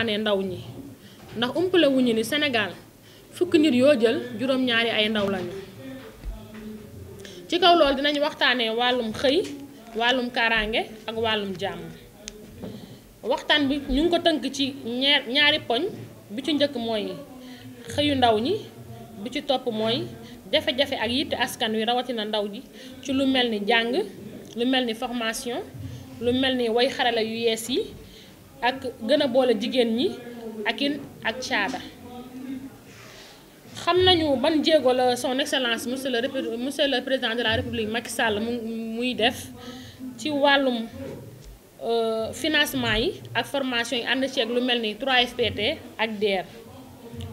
waxtaanee ndaw ñi ndax umpale ni Sénégal fukki nit yoo jël juróom-ñaari ay ndaw lañu ci kaw loolu dinañu waxtaanee wàllum xëy wàllum kaaraange ak wàllum jàmm waxtaan bi ñu ngi ko tënk ci ñaar ñaari poñ bi ci njëkk mooy xëyu ndaw ñi bi ci topp mooy jafe-jafe ak yitte askan wi rawatina ndaw ñi ci lu mel ni jàng lu mel ni formation lu mel ni way xarala yu yees yi ak gën a boole jigéen ñi akin ak caada xam nañu ban jéego la son excellence monsieur le monsieur le président de la république Macky Sall mu muy def ci wàllum euh, financement yi ak formation yi ànd ceeg lu mel ni 3FPT ak DER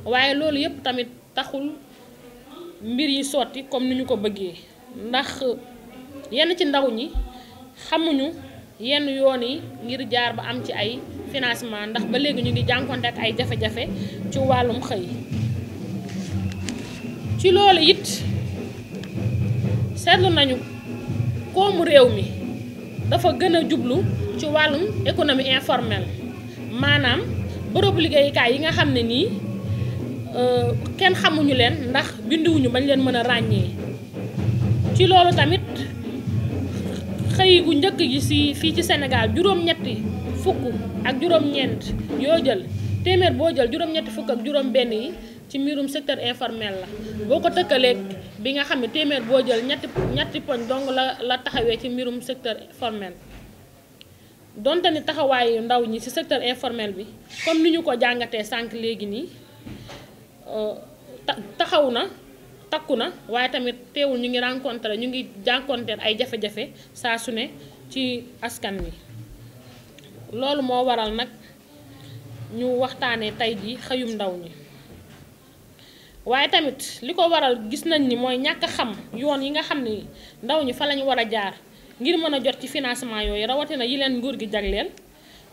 waaye loolu yëpp tamit taxul mbir yi sotti comme ni ñu ko bëggee ndax yenn ci ndaw ñi xamuñu yenn yoon yi ngir jaar ba am ci ay financement ndax ba léegi ñu ngi jànkonte ak ay jafe-jafe ci wàllum xëy ci loolu it seetlu nañu koomu réew mi dafa gën a jublu ci wàllum économie informelle maanaam bërëbu liggéeyukaay yi nga xam ne nii euh, kenn xamuñu leen ndax binduwuñu bañ leen mën a ràññee ci loolu tamit xëy gu njëkk gi si fii ci senegal juróom-ñetti fukk ak juróom-ñeent yoo jël téeméer boo jël juróom-ñetti fukk ak juróom-benn yi ci mbirum secteur informel la boo ko tëkkaleeg bi nga xam ne téeméer boo jël ñetti ñetti poñ dong la la taxawee ci mbirum secteur formel donte ni taxawaayu ndaw ñi ci secteur informel bi comme ni ñu ko jàngatee sànq léegi nii euh, taxaw na takku na waaye tamit teewul ñu ngi rencontré ñu ngi jànkonteel ay jafe-jafe saa su ne ci askan wi. loolu moo waral nag ñu waxtaanee tey ji xëyum ndaw ñi waaye tamit li ko waral gis nañ ni mooy ñàkk xam yoon yi nga xam ni ndaw ñi fa lañu war a jaar ngir mën a jot ci financement yooyu rawatina yi leen nguur gi jagleel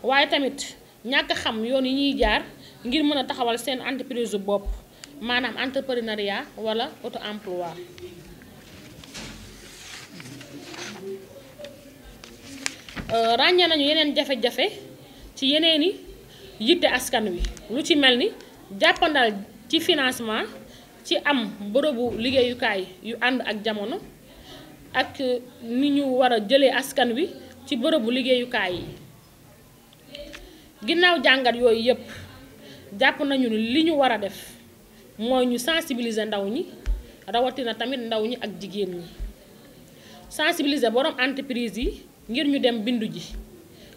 waaye tamit ñàkk xam yoon yi ñuy jaar ngir mën a taxawal seen entreprise bu bopp maanaam entrepreneuriat walla auto emploi Euh, ràññee nañu yeneen jafe-jafe ci yeneen i yitte askan wi lu ci mel ni jàppandal ci financement ci am bërëbu liggéeyukaay yu ànd ak jamono ak ni ñu war a jëlee askan wi ci bërëbu liggéeyukaay yi ginnaaw jàngat yooyu yëpp jàpp nañu li ñu war a def mooy ñu sensibiliser ndaw ñi rawatina tamit ndaw ñi ak jigéen ñi sensibiliser borom entreprise yi. ngir ñu dem bindu ji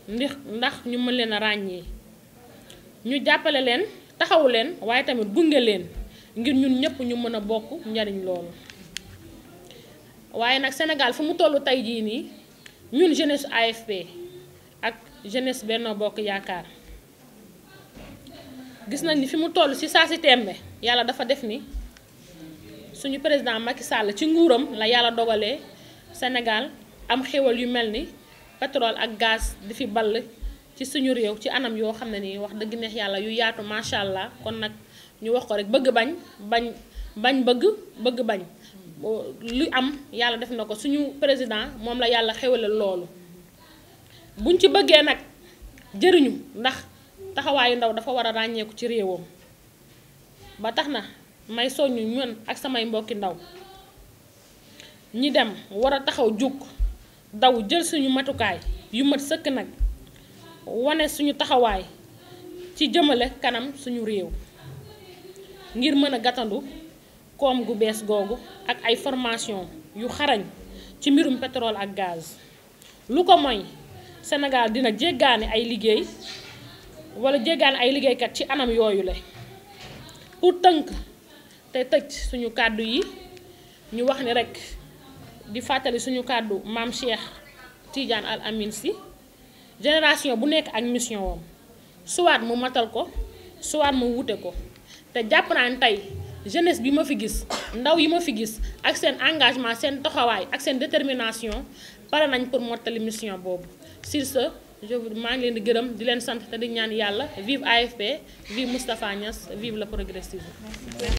ndax ndax ñu mën leen a ràññee ñu jàppale leen taxawu leen waaye tamit gunge leen ngir ñun ñëpp ñu mën a bokk njariñ loolu waaye nag senegal fu mu tollu tey jii nii ñun jeunesse AFP ak jeunesse benn Bokk Yaakaar gis nañ ni fi mu toll ci saa si tembe yàlla dafa def ni suñu président Macky Sall ci nguuram la yàlla dogalee senegal am xéwal yu mel ni pétrole ak gaz di fi ball ci suñu réew ci anam yoo xam ne nii wax dëgg neex yàlla yu yaatu macha allah kon nag ñu wax ko rek bëgg bañ bañ bañ bëgg bëgg bañ lu am yàlla def na ko suñu président moom la yàlla xéwalal loolu buñ ci bëggee nag jëriñu ndax taxawaayu ndaw dafa war a ràññeeku ci réewam ba tax na may soññu ñun ak samay mbokki ndaw ñi dem war a taxaw jug daw jël suñu matukaay yu mat sëkk nag wane suñu taxawaay ci jëmale kanam suñu réew ngir mën a gàttandu koom gu bees googu ak ay formation yu xarañ ci mbirum pétrole ak gaz lu ko mooy Sénégal dina jéggaani ay liggéey wala jéggaani ay liggéeykat ci anam yooyu la pour tënk te tëj suñu kàddu yi ñu wax ni rekk di fàttali suñu kàddu maam Cheikh Tidiane Al Amin si génération bu nekk ak mission wam soit mu matal ko soit mu wute ko te jàpp naan tey jeunesse bi ma fi gis ndaw yi ma fi gis ak seen engagement seen taxawaay ak seen détermination pare nañ pour mottali mission boobu sur ce je maa ngi leen di gërëm di leen sant te di ñaan yàlla vive AFP vive Moustapha Niass vive la progressisme